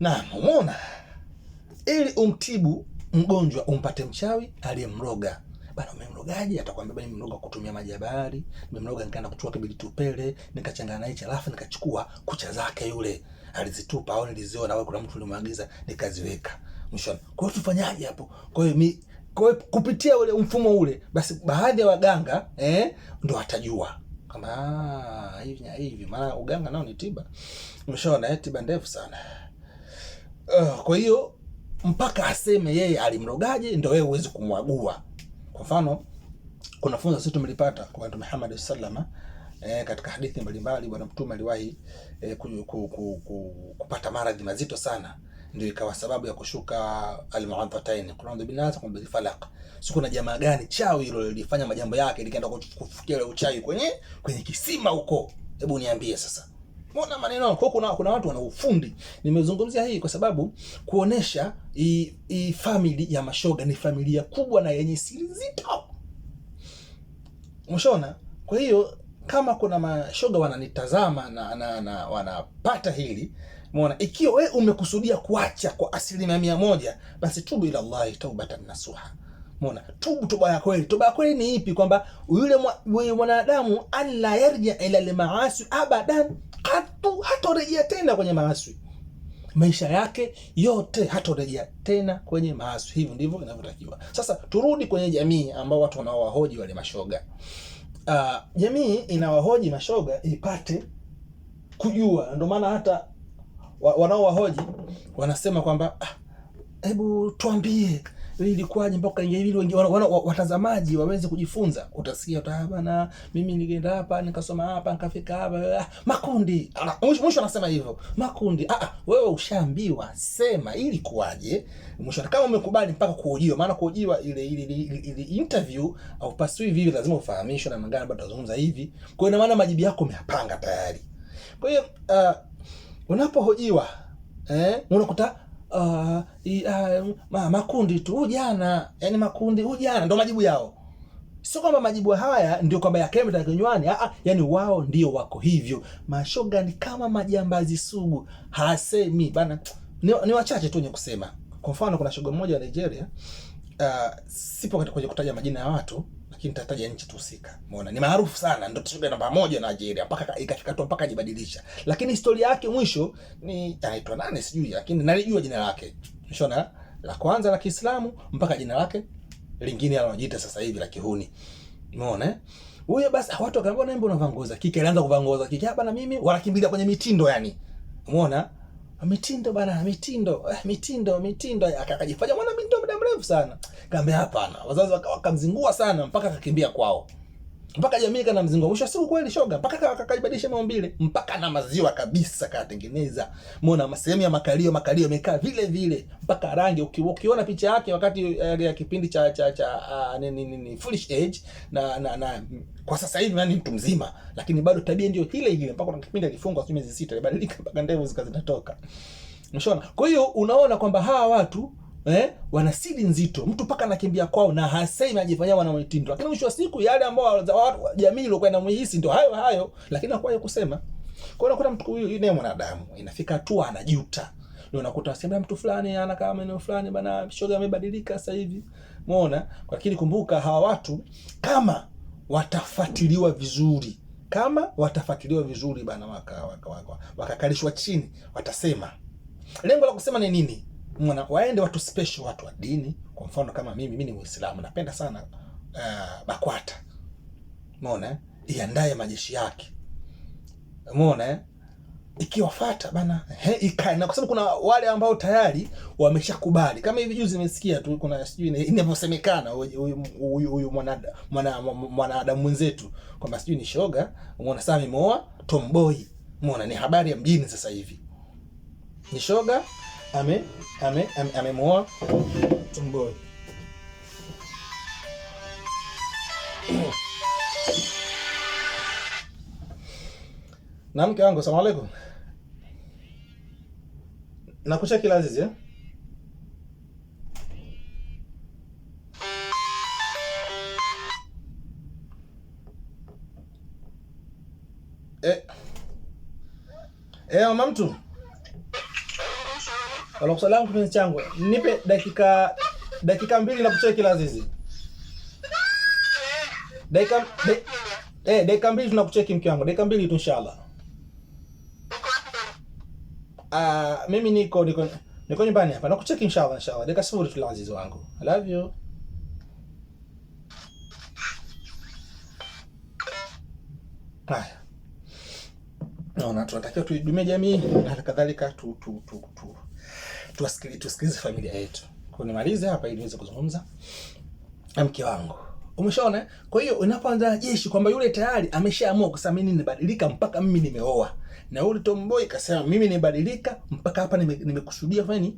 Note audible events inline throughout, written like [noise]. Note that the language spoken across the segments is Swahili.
Naam, umeona, ili umtibu mgonjwa umpate mchawi aliyemroga bana, umemrogaje? Atakwambia bana, nimemroga kutumia maji ya bahari, nimemroga nikaenda kuchukua kibiriti upele, nikachanganya na hicho, alafu nikachukua kucha zake yule alizitupa au niliziona au kuna mtu ulimwagiza nikaziweka mwishoni. Kwa hiyo tufanyaje hapo? Kwa hiyo mi kwa hiyo kupitia ule mfumo ule, basi baadhi ya waganga eh, ndo watajua kama ah, hivi hivi, maana uganga nao ni tiba. Mshaona tiba ndefu sana. Uh, kwa hiyo mpaka aseme yeye alimrogaje ndio wewe uweze kumwagua. Kwa mfano kuna funzo sisi tumelipata kwa Mtume Muhammad sallama eh, katika hadithi mbalimbali bwana mtume aliwahi eh, ku, ku, ku, ku, kupata maradhi mazito sana ndio ikawa sababu ya kushuka almuadhatain qur'an bin nas falaq. Siku na jamaa gani chawi hilo lilifanya majambo yake likaenda kufukia uchawi kwenye kwenye kisima huko. Hebu niambie sasa. Mbona maneno kwa kuna kuna watu wana ufundi. Nimezungumzia hii kwa sababu kuonesha i, i family ya mashoga ni familia kubwa na yenye siri nzito. Mshona, kwa hiyo kama kuna mashoga wananitazama na, na, na wanapata hili mona ikiwa wewe umekusudia kuacha kwa asilimia mia moja, basi tubu ila Allahi taubatan nasuha Mona, Tubu toba ya kweli. Toba ya kweli ni ipi? Kwamba yule mwanadamu alla yarja ila almaasi abadan katu hatorejea tena kwenye maasi. Maisha yake yote hatorejea tena kwenye maasi. Hivyo ndivyo inavyotakiwa. Sasa turudi kwenye jamii ambao watu wanaowahoji wale mashoga. Uh, jamii inawahoji mashoga ipate kujua, ndio maana hata wanaowahoji wanasema kwamba, ah, hebu tuambie ilikuwaje mpaka ingia hivi, wengi watazamaji waweze kujifunza. Utasikia utabana, ah, mimi nilienda hapa nikasoma hapa nikafika hapa ah, makundi, mwisho anasema hivyo makundi. Ah, ah, wewe ushaambiwa sema ilikuwaje, mwisho kama umekubali mpaka kuojiwa. Maana kuojiwa ile ile ile interview au pasui hivi, lazima ufahamishwe na mangana baada tutazungumza hivi. Kwa hiyo maana majibu yako umeyapanga tayari. Kwa hiyo uh, unapohojiwa eh, unakuta uh, uh makundi tu hujana, yani makundi ujana ndo majibu yao. Sio kwamba majibu haya ndio kwamba yakemta kinywani, yani wao ndio wako hivyo. Mashoga ni kama majambazi sugu, hasemi bana, ni, ni wachache tu wenye kusema. Kwa mfano kuna shoga mmoja wa Nigeria uh, sipo kwenye kutaja majina ya watu lakini tataja nchi tusika. Umeona ni maarufu sana, ndio tushuka namba moja na Nigeria mpaka ikafika tu mpaka ajibadilisha, lakini historia yake mwisho ni anaitwa nani sijui, lakini nalijua jina lake mshona la kwanza la Kiislamu mpaka jina lake lingine alojiita sasa hivi la kihuni. Umeona huyo, basi ah, watu wakaambia naye, mbona unavaa kike? Alianza kuvaa nguo kike hapa, na mimi wanakimbilia kwenye mitindo yani, umeona ah, mitindo bana, mitindo eh, mitindo mitindo, akajifanya mwana mrefu sana. Kaambia hapana. Wazazi wakamzingua sana mpaka akakimbia kwao. Mpaka jamii kana mzingua. Mwisho siku kweli shoga mpaka akakaibadilisha maumbile, mpaka na maziwa kabisa katengeneza. Muona sehemu ya makalio makalio yamekaa vile vile mpaka rangi ukiona picha yake wakati eh, ya kipindi cha cha cha uh, nini nini foolish age na na, na kwa sasa hivi nani mtu mzima, lakini bado tabia ndio ile ile mpaka kuna kipindi alifungwa miezi sita, ibadilika mpaka ndevu zikazitoka. Unaona? Kwa hiyo unaona kwamba hawa watu eh, wana siri nzito. Mtu mpaka anakimbia kwao na hasemi, ajifanyia wana mtindo, lakini mwisho wa siku yale ambao jamii ilikuwa inamuhisi ndio hayo hayo, lakini hakuwahi kusema. Kwa hiyo unakuta mtu huyu ni mwanadamu inafika tu anajuta, ndio unakuta sema mtu fulani ana kama eneo fulani bana, shoga amebadilika sasa hivi, umeona. Lakini kumbuka hawa watu kama watafuatiliwa vizuri kama watafuatiliwa vizuri bana, wakakalishwa waka, waka, waka chini, watasema lengo la kusema ni nini mwana waende watu special, watu wa dini. Kwa mfano kama mimi, mimi ni Muislamu, napenda sana uh, BAKWATA. Umeona, eh? iandae majeshi yake, umeona eh? ikiwafata bana, he, ikae na, kwa sababu kuna wale ambao tayari wameshakubali. Kama hivi juzi nimesikia tu, kuna sijui inavyosemekana huyu mwanadamu mwana, mwana mwenzetu kwamba sijui ni shoga, umeona sasa ameoa tomboy, umeona ni habari ya mjini sasa hivi ni shoga ame ame amemoa tumboni. [clears throat] Na mke wangu, salamu aleikum, nakusha kila azizi eh? Eh, eh mama mtu Walokusa langu kipenzi changu, nipe dakika dakika mbili na kucheki Lazizi. Dakika eh, dakika mbili tunakucheki mke wangu. Dakika mbili tu inshallah. Ah, mimi niko niko niko nyumbani hapa. Nakucheki inshallah inshallah. Dakika sifuri tu Lazizi wangu. I love you. Haya. Naona tunatakiwa tuidumie jamii na kadhalika tu tu tu tu tu tuwasikilize, tusikilize familia yetu. Kwa nimalize hapa ili niweze kuzungumza na mke wangu. Umeshaona? Kwa hiyo unapoanza jeshi kwamba yule tayari ameshaamua kusema mimi nimebadilika mpaka mimi nimeoa. Na yule tomboy kasema mimi nimebadilika mpaka hapa nimekusudia nime fanya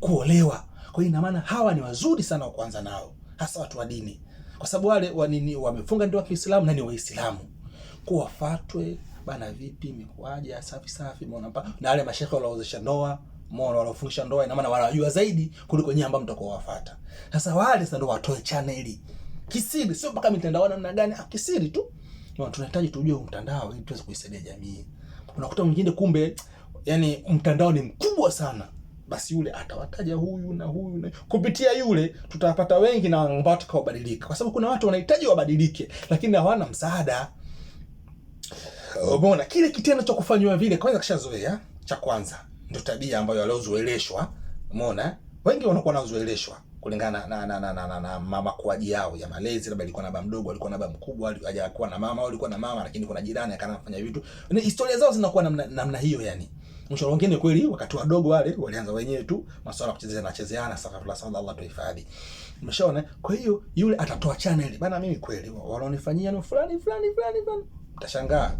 kuolewa. Kwa hiyo ina maana hawa ni wazuri sana wa kuanza nao, hasa watu wa dini. Kwa sababu wale wanini wamefunga ndoa ya Kiislamu na ni Waislamu. Kuwafatwe bana, vipi imekuaje? Safi safi, mbona na wale mashehe walaozesha ndoa Umeona, waliofundisha ndoa ina maana wanajua zaidi kuliko nyinyi ambao mtakuwa wafuata. Sasa wale sasa ndio watoe channel kisiri, sio mpaka mitandao namna gani, ah, kisiri tu. Yaani tunahitaji tujue mtandao ili tuweze kuisaidia jamii. Unakuta mwingine kumbe, yani mtandao ni mkubwa sana, basi yule atawataja huyu na huyu na kupitia yule tutapata wengi na ambao tutakawabadilika, kwa sababu kuna watu wanahitaji wabadilike, lakini hawana msaada. Umeona kile kitendo cha kufanywa vile, kwanza kishazoea cha kwanza ndo tabia ambayo waliozoeleshwa. Umeona wengi wanakuwa wanazoeleshwa kulingana na na na, na, na, na mama makuaji yao ya malezi, labda alikuwa na baba mdogo, alikuwa na baba mkubwa, hajakuwa na mama, au alikuwa na mama lakini kuna jirani akana kufanya vitu. Ni historia zao zinakuwa namna, namna hiyo yani. mshoro wengine kweli wakati wadogo wale walianza wenyewe tu masuala kuchezea na chezeana, astaghfirullah sana Allah tuhifadhi. Umeshaona? Kwa hiyo yule atatoa channel bana, mimi kweli wanaonifanyia ni fulani fulani fulani fulani, mtashangaa,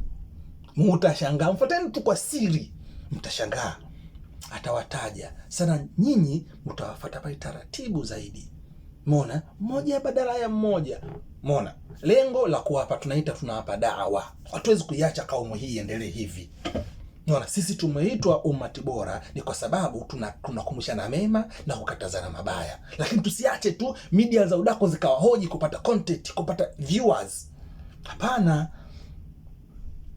mtashangaa, mfuateni tu kwa siri, mtashangaa atawataja sana, nyinyi mtawafuata pale taratibu zaidi. Mona mmoja badala ya mmoja. Mona lengo la kuwapa, tunaita tunawapa dawa. Hatuwezi kuiacha kaumu hii iendelee hivi. Mona sisi tumeitwa umati bora ni kwa sababu tunakumbushana tuna mema na kukatazana mabaya, lakini tusiache tu media za udako zikawahoji kupata content, kupata viewers. Hapana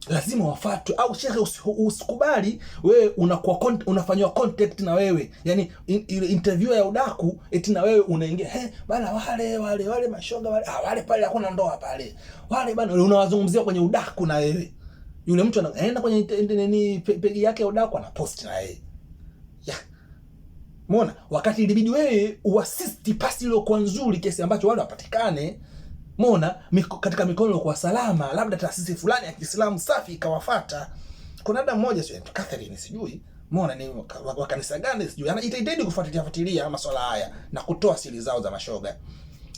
lazima wafatwe, au shehe, usikubali wewe unakuwa unafanywa contact na wewe yani ile in, interview ya udaku eti na wewe unaingia he bana, wale wale wale mashoga wale ah, wale pale hakuna ndoa pale wale bana, unawazungumzia kwenye udaku na wewe. Yule mtu anaenda kwenye nini pegi yake ya udaku ana post na yeye yeah. Muona wakati ilibidi wewe uassist pasi ile kwa nzuri kesi ambacho wale wapatikane. Mona miko, katika mikono kwa salama, labda taasisi fulani ya Kiislamu safi ikawafata. Kuna dada mmoja sio Catherine, sijui Mona ni wa kanisa gani sijui, anajitahidi kufuatilia fuatilia masuala haya na kutoa siri zao za mashoga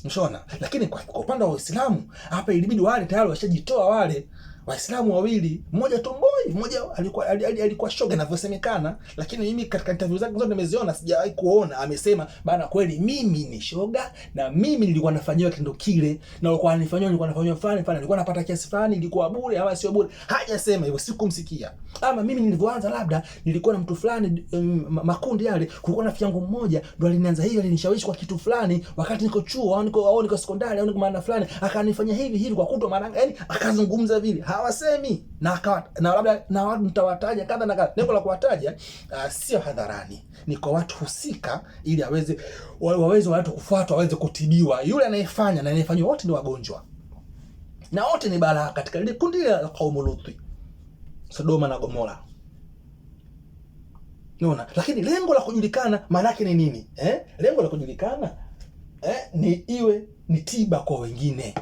mshona, lakini kwa, kwa upande wa Uislamu hapa ilibidi wale tayari washajitoa wale Waislamu wawili, mmoja tomboi, mmoja alikuwa alikuwa shoga inavyosemekana, lakini mimi katika interview zake zote nimeziona, sijawahi kuona amesema bana, kweli mimi ni shoga na mimi nilikuwa nafanyiwa kitendo kile, na alikuwa ananifanyia, nilikuwa nafanyiwa fulani fulani, nilikuwa napata kiasi fulani, ilikuwa bure ama sio bure. Hajasema hivyo, sikumsikia. Ama mimi nilivyoanza, labda nilikuwa na mtu fulani, um, makundi yale, kulikuwa na fiangu mmoja ndo alinianza hivi, alinishawishi kwa kitu fulani, wakati niko chuo au niko au niko sekondari au niko maana fulani, akanifanyia hivi hivi kwa kutwa maana, yani akazungumza vile ha hawasemi na, na labda na watu mtawataja kadha na kadha. Lengo la kuwataja uh, sio hadharani, ni kwa watu husika, ili aweze waweze watu kufuatwa, waweze kutibiwa. Yule anayefanya na anayefanywa, wote ni wagonjwa na wote ni balaa katika lile kundi la kaumu Luthi, Sodoma na Gomora. Unaona, lakini lengo la kujulikana maana yake ni nini eh? Lengo la kujulikana eh, ni iwe ni tiba kwa wengine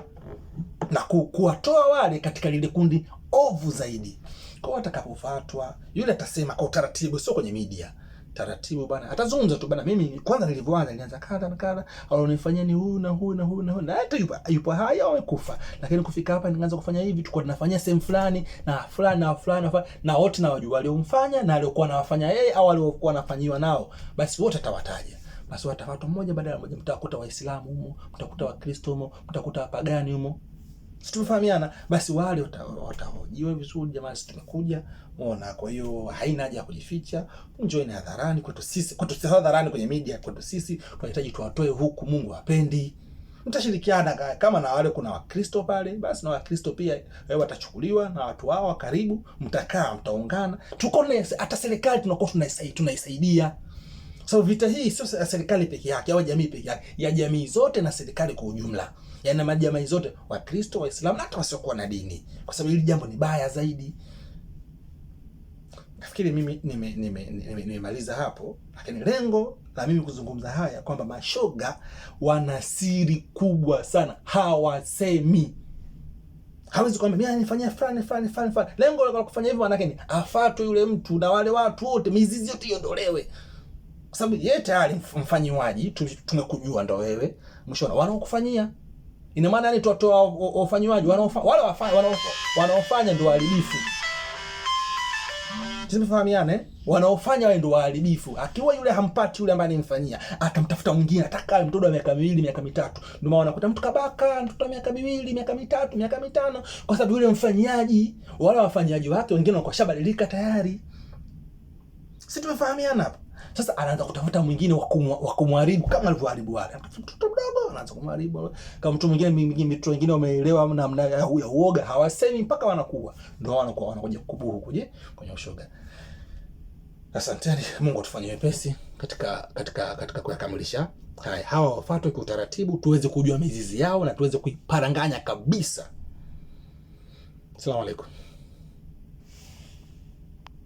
na kuwatoa wale katika lile kundi ovu zaidi. Kwa watakapofatwa, yule atasema kwa utaratibu, sio kwenye media taratibu bana, atazungumza tu bana, mimi kwanza nilivyoanza nilianza kadha na kadha, ni huyu na huyu na huyu na huyu, na hata yupo yupo hai au amekufa, lakini kufika hapa nikaanza kufanya hivi, tulikuwa tunafanyia sehemu fulani na fulani na fulani na wote na wajua waliomfanya na aliokuwa anawafanya yeye au aliokuwa anafanyiwa nao, basi wote atawataja. Basi watafuata mmoja baada ya mmoja, mtakuta Waislamu humo, mtakuta Wakristo humo, mtakuta wapagani humo situfahamiana basi, wale watahojiwa vizuri, jamani, sisi tumekuja muona. Kwa hiyo haina haja ya kujificha, njooni hadharani kwetu sisi, kwetu sisi hadharani, kwenye media kwetu sisi. Tunahitaji tuwatoe huku, Mungu apendi. Mtashirikiana kama na wale, kuna Wakristo pale, basi na Wakristo pia wao e, watachukuliwa na watu wao karibu, mtakaa, mtaungana, tuko hata serikali tunakuwa tunaisaidia sababu so, vita hii sio serikali peke yake au jamii peke yake, ya jamii zote na serikali kwa ujumla yaani na jamii zote, Wakristo, Waislamu na hata wasiokuwa na dini, kwa sababu hili jambo ni baya zaidi. Nafikiri mimi nimemaliza nime, nime, nime, nime hapo, lakini lengo la mimi kuzungumza haya kwamba mashoga wana siri kubwa sana, hawasemi hawezi kwamba mimi nifanyia fulani fulani fulani fulani. Lengo la kufanya hivyo maana ni afatwe yule mtu na wale watu wote, mizizi yote iondolewe, kwa sababu yeye tayari mfanyiwaji. Tumekujua ndo wewe, mshona wanaokufanyia Ina maana yani tuwatoa wafanywaji wale wanaofanya wanaofanya ndio waharibifu. Tumefahamiana eh? Wanaofanya wale ndio waharibifu. Akiwa yule hampati yule ambaye anemfanyia, atamtafuta mwingine atakaye mtoto wa miaka miwili, miaka mitatu. Ndio maana unakuta mtu kabaka, mtoto wa miaka miwili, miaka mitatu, miaka mitano kwa sababu yule mfanyaji, wale wafanyaji wake wengine wako shabadilika tayari. Sisi tumefahamiana hapo. Sasa anaanza kutafuta mwingine wa kumharibu kama alivyoharibu wale. Mtoto mdogo anaanza kumharibu. Kama mtu mwingine mwingine mtu wengine wameelewa namna ya huyo uoga, hawasemi mpaka wanakuwa. Ndio wanakuwa wanakuja kukuburu kuje kwenye ushoga. Asanteni, Mungu atufanyie wepesi katika katika katika kuyakamilisha haya. Hawa wafuatwe kwa utaratibu, tuweze kujua mizizi yao na tuweze kuiparanganya kabisa. Asalamu alaykum.